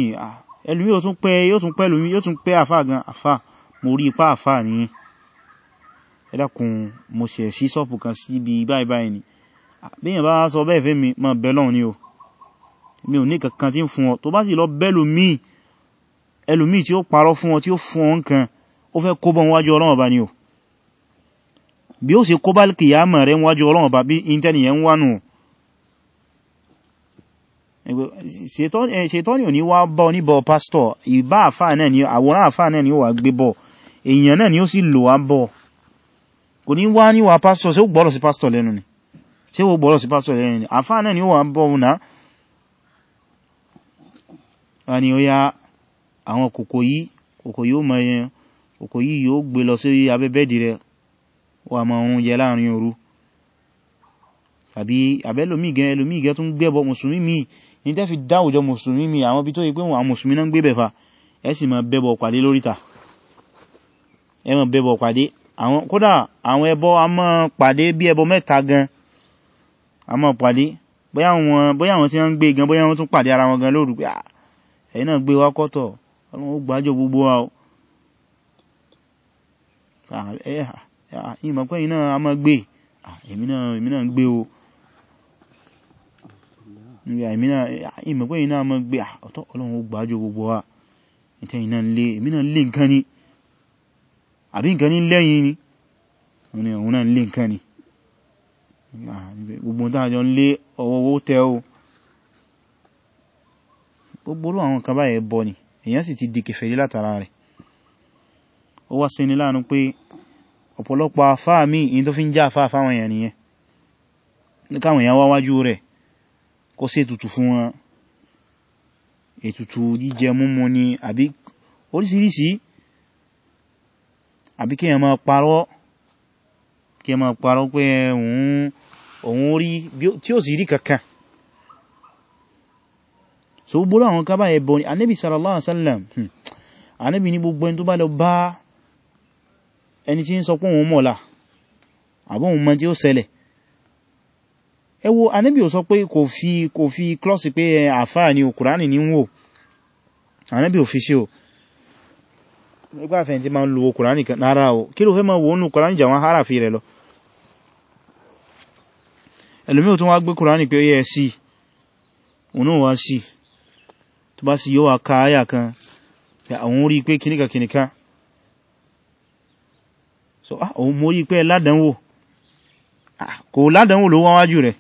Speaker 1: ẹlòmí ó tún pẹ́ yóò tún pẹ́ ẹlòmí yóò tún pẹ́ àfà gan àfà mo rí ipá àfà ní ẹ̀dàkùn mo ṣẹ̀ sí sọ́ọ̀pù kan sí ibi báyìí báyìí ni bíyàn bá sọ bẹ́ẹ̀ fẹ́ mi ma bẹ́lọ́n ni o mi ò ní kankan tí ń fún ọ tó bá sì lọ bẹ́lòmí ẹlòmí tí ó parọ́ fún wọn tí ó fún wọn kan ó fẹ́ kó bọ́ wájú Ọlọ́run Ọba ni o bí ó ṣe kó bá kìyàmà rẹ̀ wájú Ọlọ́run Ọba bí intaniyàn wà nù ṣètọ́nì ò ní wá bọ́ níbọ̀ pásítọ̀ ìbá àfáà náà ni àwòrán àfáà náà ni ó wà gbé bọ̀ èèyàn náà ni ó sì lò wá bọ̀ kò ní wá níwà pásítọ̀ ṣé ó gbọ́rọ̀ sí pásítọ̀ lẹ́nu ni ṣé ó gbọ́rọ̀ sí pásítọ̀ lẹ́nu ni àfáà náà ni ó wà bọ̀ náà àwọn kòkò yìí kòkò yìí ó mọ ẹyẹn kòkò yìí yóò gbé lọ sí abẹ́ bẹ́ẹ̀dì rẹ̀ wà mọ̀ oòrùn jẹ láàrin òru tàbí abẹ́lòmígẹ́ ẹlòmígẹ́ tún gbẹ́bọ mùsùlùmí mi ní tẹ́ fi dáwùjọ mùsùlùmí mi àwọn bí tó yí pé wọn mùsùlùmí náà gbé bẹ̀fà ẹ sì máa bẹ́bọ pàdé lóríta ẹ máa bẹ́bọ pàdé àwọn kódà àwọn ẹbọ a máa pàdé bí ẹbọ mẹ́ta gan a máa pàdé bóyá àwọn tí wọ́n ń gbé gan bóyá wọ́n tún pàdé ara wọn gan lóru pé ẹ̀yin náà gbé wá kọ́tọ̀ ọlọ́run ó gbájọ gbogbo wa o ìmọ̀pẹ́ iná a máa gbé èmi náà ń gbé o ìmọ̀pẹ́ iná a máa gbé ọ̀tọ̀ ọlọ́run ó gbájọ gbogbo wa ìtẹ́ iná lé èmi náà lé nǹkan ni àbí nǹkan ní lẹ́yìn ni òun náà lé nǹkan ni gbogbo tààjọ ń lé ọwọ́wọ́ tẹ́ o gbogbo àwọn kan báyẹ̀ bọ́ ni èyàn sì ti di kèfèrí látara rẹ̀ ó wá ṣeni láàánú pé ọ̀pọ̀lọpọ̀ àfáà mí in tó fi ń já àfáà fáwọn èèyàn nìyẹn ní káwọn èèyàn wáwájú rẹ̀ kó sí ètùtù fún wọn ètùtù jíjẹ múmu ni àbí oríṣiríṣi àbí kí èèyàn máa parọ́ kí èèyàn máa parọ́ pé òun rí tí ó sì rí kankan so gbogbo àwọn kábà ẹbọ ni anábi sallallahu alaihi wasallam anábi hmm. ní gbogbo ẹni tó bá lọ bá ẹni tí ń sọ pé òun mọ̀lá àbọ̀ òun mọ̀ tí ó ṣẹlẹ̀ ẹ wo ò sọ pé kò fi kò fi klọ́sì pé àfáà ni òkùránì ní wò anábi ò fi ṣe o nígbà fẹ́ tí ma ń lo kùránì nára o kí ló fẹ́ ma wo tó bá sì yóò wà ká àyà kan àwọn orí pé kìníkà kìníkà so àwọn ah, mo rí pé ládánwò ah, kò ládánwò ló wáwájú rẹ̀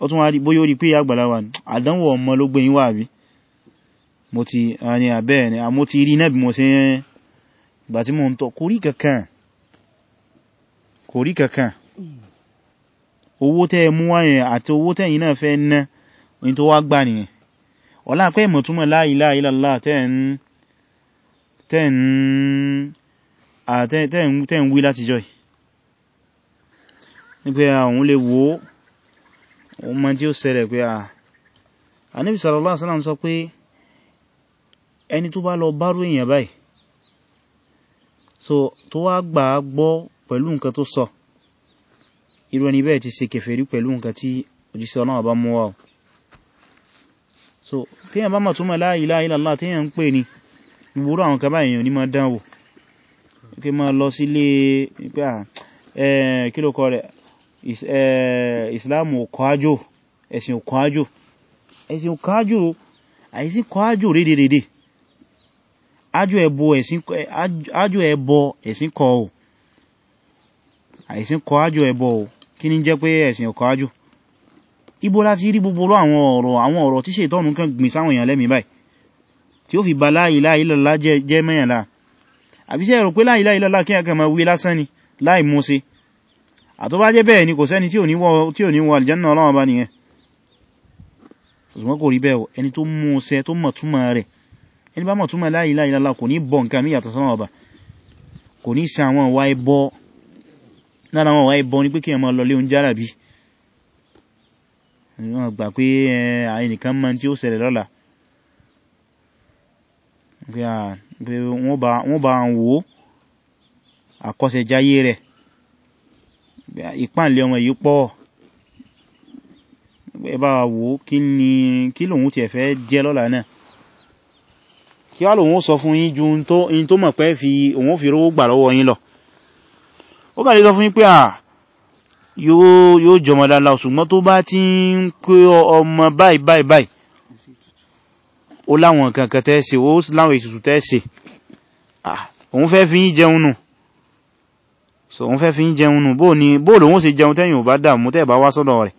Speaker 1: ó tún wá rí bóyá ó rí pé àgbàlagbà ní àdánwò ọmọ ló gbé yín wá àbí mo ti ní àbẹ́ ẹni kò rí kankan owó tẹ́ mú wáyẹn àti owó tẹ́yìn náà fẹ́ náà oyin tó wá gbà nìyẹn ọ̀lá pé ìmọ̀túnmọ̀ la ilaha illallah tẹ́ẹ̀ ń wí láti jọ ní pé àwọn lè wo ohun ma tí ó ṣẹlẹ̀ pé à Ànábì sallallahu alaihi wasallam sọ pé ẹni tó bá lọ bárú èèyàn báyìí so tó wá gbà gbọ́ pẹ̀lú nǹkan tó sọ irú ẹni bẹ́ẹ̀ ti ṣe kèfèrí pẹ̀lú nǹkan tí òjíṣẹ́ Ọlọ́run bá so téèyàn bá mọ̀ túnmọ̀ la ilaha illallah téèyàn ń pè ní gbogbo àwọn kaba èèyàn ní ma dánwò kí ma lọ sí ilé pé kí ló kọ rẹ̀ islamu kọ́ájò ẹ̀sìn kọ́ájò ẹ̀sìn kọ́ájò àìsí kọ́ájò ájò ẹbọ ẹ̀sìn kọ́ àìsí kọ́ájò ẹbọ kí ní jẹ́ pé ẹ̀sìn kọ́ájò ibo láti rí gbogbo àwọn ọ̀rọ̀ àwọn ọ̀rọ̀ tí ṣètọ́nù kan gbìn sáwọn èèyàn lẹ́mìí báyìí tí ó fi ba la ilaha illallah jẹ́ mẹ́yànlá àbí ṣé rò pé la ilaha illallah kí ẹkẹ ma wí lásán ni láì mú sí àtọ́bá jẹ́ bẹ́ẹ̀ ni kò sẹ́ni tí ò ní wọ aljanna ọlọ́wọ́ bá nìyẹn ṣùgbọ́n kò rí bẹ́ẹ̀ ẹni tó mú ṣẹ tó mọ̀ la ilaha illallah kò ní bọ nǹkan mí yàtọ̀ sọ́nà ọba kò ni pé kí ẹ máa wọ́n gbà pé eh, ẹnìkan mọ̀ tí ó ṣẹlẹ̀ lọ́la pé wọ́n bá ń wo àkọsẹ̀jáyé rẹ̀ ìpáǹlẹ̀ ọmọ yìí pọ̀ ẹ bá wo kí ni kí lòun ti ẹ̀fẹ́ jẹ́ lọ́la náà kí wá lòun ó sọ fún yín ju in tó mọ̀ pé òun fi rówó gbà lọ́wọ́ yín lọ ó kàrí sọ fún yín pé àà yóò jọmọ lálá ṣùgbọ́n tó bá ti ń pé ọmọ báyìí báyìí báyìí ó láwọn nǹkan kan tẹ́ẹ̀sẹ̀ ó láwọn ètùtù tẹ́ẹ̀sẹ̀ òun fẹ́ fi ń jẹun nù so òun fẹ́ fi ń jẹun nù bóò ni bóò lòun ṣe jẹun tẹ́yìn ò bá dààmú tẹ́ẹ̀ bá wá sọ́dọ̀ rẹ̀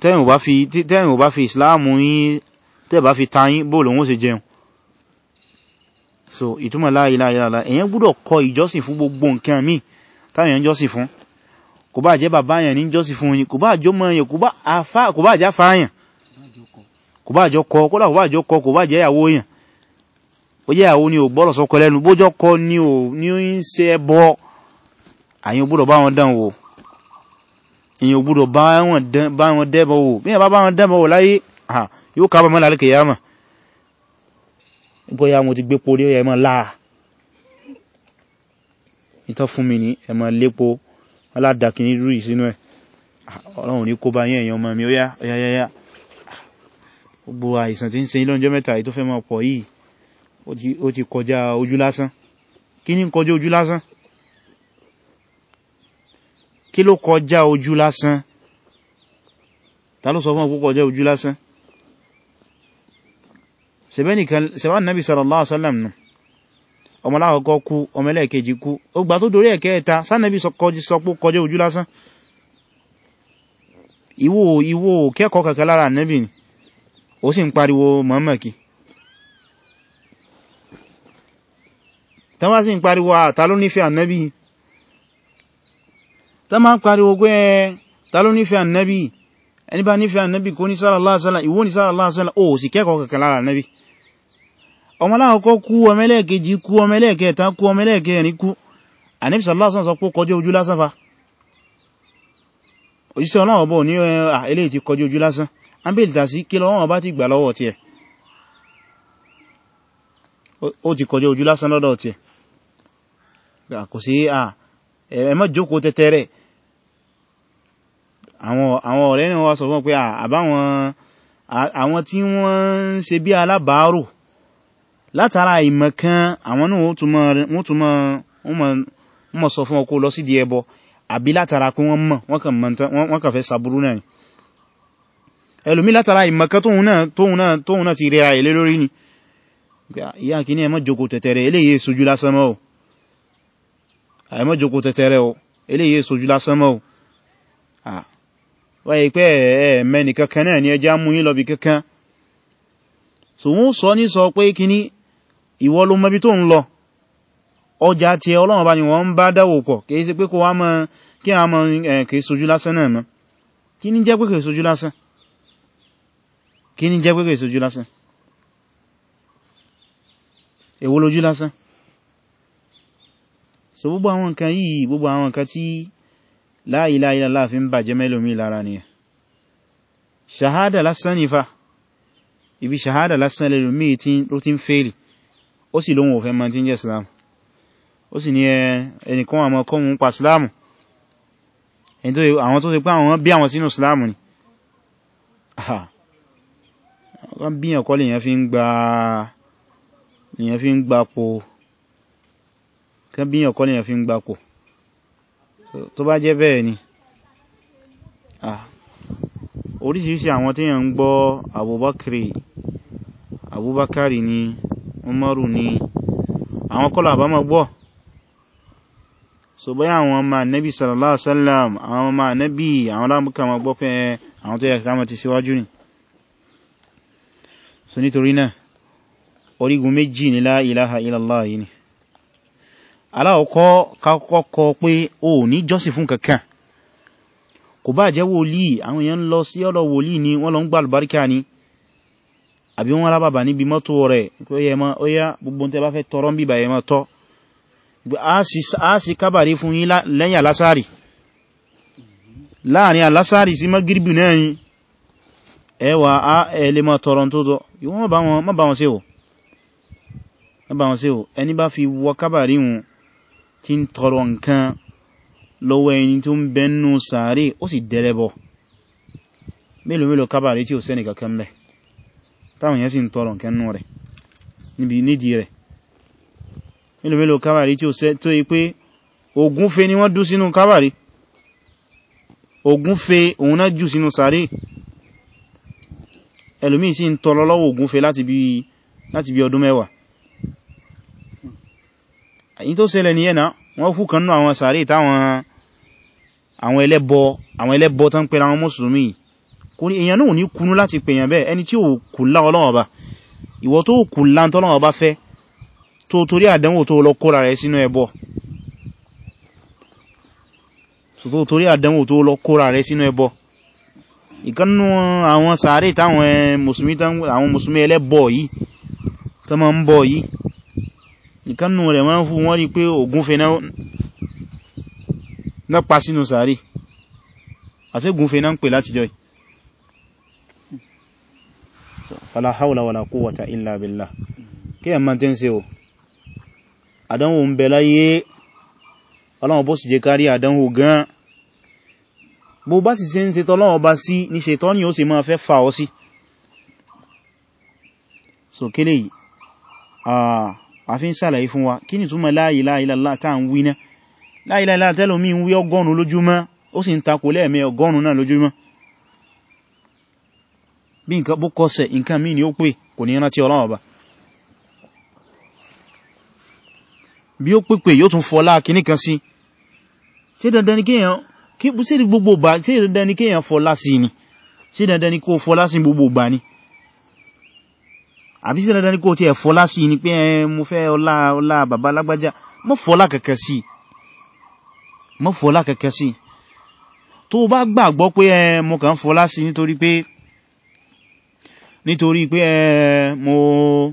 Speaker 1: tẹ́yìn ò bá fi ìsìláàmù yín tẹ́ẹ̀ bá fi tayín bóò lòun ṣe jẹun so ìtumọ̀ la ilaha illallah èyàn gbọ́dọ̀ kọ ìjọsìn fún gbogbo nǹkan míì táyàn jọ́sìn fún kò bá jẹ́ bàbá yẹn ní jọ́sìn fún yín kò bá jọ mọ́ yẹn kò bá jẹ́ fáyàn kò bá jọ kọ kódà kò bá jọ kọ kò bá jẹ́ ìyàwó yẹn ó jẹ́ ìyàwó ni ò gbọ́rọ̀ sọ́kọ lẹ́nu bójọ́ kọ ni ò ní ń ṣe ẹbọ àyìn ò gbọ́dọ̀ bá wọn dán wò èyàn ò gbọ́dọ̀ bá wọn dẹ́bọ wò bí i bá wọn dẹ́bọ wò láyé yóò kábàámọ̀ lálẹ́kẹ̀ẹ́ ìtọ́ fún mi ní ẹmọ lépo aládàkìní rúrì sínú ẹ̀ ọlọ́run ní kó bá yẹn èèyàn ọmọ mi ó yá yáyáyá gbogbo àìsàn tí ń ṣe lọ́njọ́ mẹ́ta tó fẹ́ máa pọ̀ yìí ó ti kọjá ojú lásán kí ní kọjá ojú lásán kí ló kọjá ojú lásán ta ló sọ fún ọkú kọjá ojú lásán sẹ̀bẹ́ nìkan sẹ̀bá nàbì sallallahu alaihi wasallam náà ọmọ alákọ̀ọ́kọ́ kú ọmọ ẹlẹ́ẹ̀kejì kú ó gbà tó dorí ẹ̀kẹta sánẹ́bí sọpó kọjá ojú lásán ìwò ìwò kẹ́kọ̀ọ́ kẹ́kẹ́ lára nẹ́bì ni sì ń pariwo ń pariwo ta ló nífẹ̀ẹ́ ànẹ́bì ń pariwo pé ta ló ànẹ́bì ọmọ aláàkọ́ kú ọmọ ẹlẹ́ẹ̀kejì kú ọmọ ẹlẹ́ẹ̀kẹta kú ọmọ ẹlẹ́ẹ̀kẹrin kú Ànábì sallallahu alaihi sọ pé kọjá ojú lásán fa òjíṣẹ́ Ọlọ́run ọbọ̀ ní eh, eléyìí ti kọjá ojú lásán a ń bèèrè tà sí kí lọ́wọ́n bá ti gbà lọ́wọ́ tí ẹ ó ti kọjá ojú lásán lọ́dọ̀ tí ẹ kò sí ẹmọ́ jókòó látara ìmọ̀kan àwọn náà wọ́n tún mọ́ sọ fún ọkọ̀ lọ sí di ẹbọ àbí látara kí wọ́n mọ̀ wọ́n kàn fẹ́ sàbúrú náà ẹlòmí látara ìmọ̀kan tóhun náà ti rẹ̀ àìlé lórí ni ìyá kì ní ẹmọ́ jòkó tẹ̀tẹ̀rẹ̀ eléyìí e sojú lásán mọ́ ẹmọ́ jòkó tẹ̀tẹ̀rẹ̀ eléyìí e sojú lásán mọ́ wáyé pé ẹ̀ẹ̀mẹ́ni kankan náà ni ẹjá mú yí lọ bí kankan so wọ́n sọ ní sọ pé kíní ìwọ ló mọ ibi tó ń lọ ọjà tí Ọlọ́run bá ní wọ́n ń bá dáwò pọ̀ kìí ṣe pé kó wá mọ́ kí a mọ́ kìí sojú lásán náà mọ́ kí ní jẹ́ pé kìí sojú lásán kí ní jẹ́ pé kìí sojú lásán èwo lójú lásán so gbogbo àwọn nǹkan yìí gbogbo àwọn nǹkan tí la ilaha illallah fi ń bàjẹ́ mẹ́lòmí lára ni ṣàhádà lásán nífà ibi ṣàhádà lásán lẹ́lòmí ló ti ń fèèlì ó sì lóhun òfin mọ́ tí ń jẹ́ islam ó sì ní ẹnìkan àmọ́ kọ́mù ń pa islam àwọn tó ṣe pé àwọn bí àwọn sínú islam ni wọ́n bí ẹ̀kọ́ lè yẹn fi ń gba lèyàn fi ń gbapò kẹ́bí ẹ̀kọ́ lèyàn fi ń gbapò tó bá jẹ́ bẹ́ẹ̀ ni oríṣiríṣi àwọn tí yẹn ń gbọ́ Abubakari Abubakari ni umaru ni àwọn kọ́lá àbámọ̀ gbọ́ so bóyá àwọn ọmọ anẹ́bí sallallahu alaihi wasallam àwọn ọmọ anẹ́bí àwọn lámùkà ma gbọ́ pé àwọn tó yẹ kàmà ti síwájú ni so nítorí náà orígun méjì ni la ilaha illallah yìí ni aláwọ̀kọ́ kakọ́kọ́ pé o ní jọ́sìn fún kankan kò bá jẹ́ wòlíì àwọn èèyàn lọ sí ọ̀dọ̀ wòlíì ni wọ́n lọ ń gbà àlùbáríkà ni àbí wọ́n alábàbà níbi mọ́tò rẹ̀ ó yá gbogbo tẹ́ bá fẹ́ tọrọ bíbà ẹ máa tọ́ a sì kábàrí fún yín lẹ́yìn alásàrì láàrin alásàrì sí magiribi náà ẹwà a ẹ̀lẹ́ máa tọrọ tó tọ́ yíwọ́n má bá wọn sí o ẹni bá fi wọ kábàrí wọn tí ń tọrọ nǹkan lọ́wọ́ ẹni tó ń bẹnu sàárè ó táwọn èèyàn sì ń tọrọ nǹkan nú rẹ̀ níbi nídìí rẹ̀ mélòmélò kábàrí tí ó sẹ́ tó yí pé ògúnfe ni wọ́n dú sínú kábàrí ògúnfe òun náà jù sínú sàárè ẹlòmíì sì ń tọrọ lọ́wọ́ ògúnfe láti bí láti bí ọdún mẹ́wàá èyí tó ṣẹlẹ̀ ní ẹ̀nà wọ́n fún kan nú àwọn sàárè táwọn àwọn ẹlẹ́bọ àwọn ẹlẹ́bọ tán pẹ̀lú àwọn mùsùlùmí yìí kò ní èyàn náà ní kúnú láti pèyàn bẹ́ẹ̀ ẹni tí ó kùnlá Ọlọ́run Ọba ìwọ tó kùnlá tọ́lọ́run Ọba fẹ́ tó torí àdánwò tó lọ kóra rẹ̀ sínú ẹbọ tó torí àdánwò tó lọ kóra rẹ̀ sínú ẹbọ ìkannú àwọn sàárè táwọn eh, mùsùlùmí ẹlẹ́bọ yìí tó ma ń bọ yìí ìkannú rẹ̀ ma ń fún wọ́n rí pé ògúnfe náà pa sínú sàárè àṣẹ́gúnfe náà ń pè látijọ́ yìí fala hawla wala quwwata illa billah kí ẹ̀ máa tẹ́ ń ṣe o àdánwò ń bẹ láyé ọlọ́wọ́ bó sì jẹ kárí àdánwò gan bó bá sì ṣe ń ṣe tọ́lọ́wọ́ bá sí ní ṣe tọ́ ní ó sì máa fẹ́ fà ọ sí so kí lè yìí àfin sàlàyé fún wa kí ni túnmọ̀ la ilaha illallah bí nǹkan bó kọsẹ̀ nǹkan mí ni ó pè kò ní rántí Ọlọ́run Ọba bí ó pèpè yóò tún fọlá kìíní sí ṣé dandan ni kéèyàn kí bú sí gbogbo bá ṣé dandan ni kéèyàn fọlá sí ni ṣé dandan ni kó fọlá sí gbogbo bá ni àbí ṣé dandan ni kó tiẹ̀ fọlá sí ni pé ẹ mo fẹ́ ọlá ọlá bàbá lágbájá mọ́ fọlá kẹ̀kẹ́ sí mọ́ fọlá kẹ̀kẹ́ sí tó bá gbàgbọ́ pé ẹ mo kàn fọlá sí nítorí pé nítorí pé ẹ mo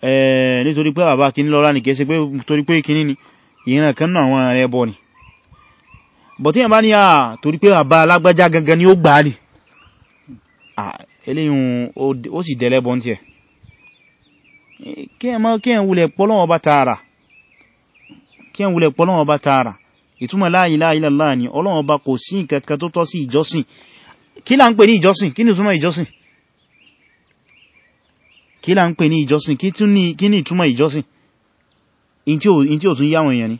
Speaker 1: ẹ nítorí pé bàbá kìíní lọ́lá ní kẹsẹ pé torí pé kìíní ni ìran kan náà wọn rẹ bọ́ ni bọ̀ tí yàn bá ní à torí pé bàbá alágbájá gangan ni ó gbà á lì eléyìn ó sì dẹ̀lẹ́bọ̀ ní tiẹ̀ kí ẹ mọ́ kí ẹ wulẹ̀ pọ́lọ́wọ́ bá tààrà kí ẹ wulẹ̀ pọ́lọ́wọ́ bá tààrà ìtumọ̀ la ilaha illallah ni Ọlọ́run bá kò ni ìtumọ̀ kí là ń pè ní ìjọsìn kí tún ní kí ní ìtumọ̀ ìjọsìn in tí ò tún yáwọn èèyàn ni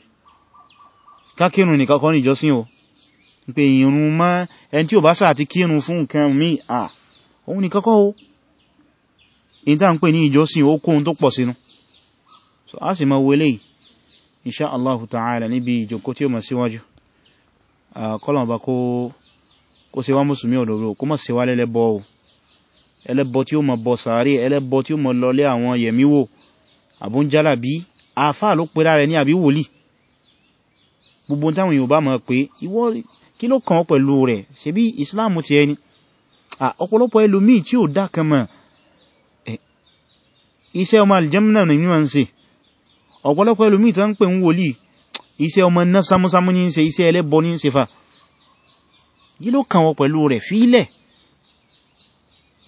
Speaker 1: ní ìjọsìn o pé ìrun mọ́ ẹni tí ò bá sáà ti kírun fún nǹkan mí à òun o in tá ń pè ní ìjọsìn ó kóhun tó pọ̀ sínú so a sì máa wọlé insha Allahu ta'ala níbi ìjòkó tí ó mọ̀ síwájú kọ́lọ̀ kó wá mùsùlùmí kó mọ̀ wá ẹlẹ́bọ tí ó mọ̀ bọ sàárè ẹlẹ́bọ tí ó mọ̀ lọlé àwọn yẹ̀míwò àbúnjálà bí àfáà ló pẹ́lá rẹ̀ ní àbí wòlíì gbogbo táwọn Yorùbá mọ̀ pé ìwọ kí ló kàn pẹ̀lú rẹ̀ ṣe bí Islam ti ẹni ọ̀pọ̀lọpọ̀ ẹlòmíì tí ó dákan mọ̀ iṣẹ́ ọmọ aljanna ní wọ́n ṣe ọ̀pọ̀lọpọ̀ ẹlòmíì tó ń pè ń wòlíì iṣẹ́ ọmọ náà samusamu ní ṣe iṣẹ́ ẹlẹ́bọ ní ṣe fà yí ló kàn wọ pẹ̀lú rẹ̀ fílẹ̀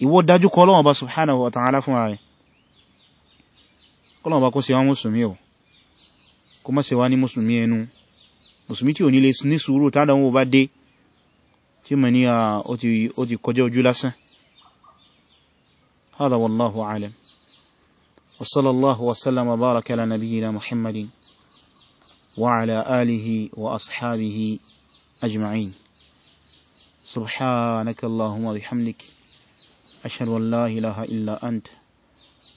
Speaker 1: ìwọ dájú kọ Ọlọ́run Ọba subhanahu wa ta'ala fún ààrẹ Ọlọ́run Ọba kó bá wá mùsùlùmí ò kó má mùsùmí ní mùsùlùmí ẹnu mùsùlùmí tí ò nílé ní sùúrù tádàwò nílé ní sùúrù tí mọ̀ mẹ́ ní à ó ti kọjá ojú lásán هذا والله أعلم وصلى الله وسلم وبارك على نبينا محمد وعلى آله وأصحابه أجمعين سبحانك اللهم وبحمدك أشهد أن لا إله إلا أنت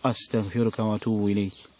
Speaker 1: أستغفرك وأتوب إليك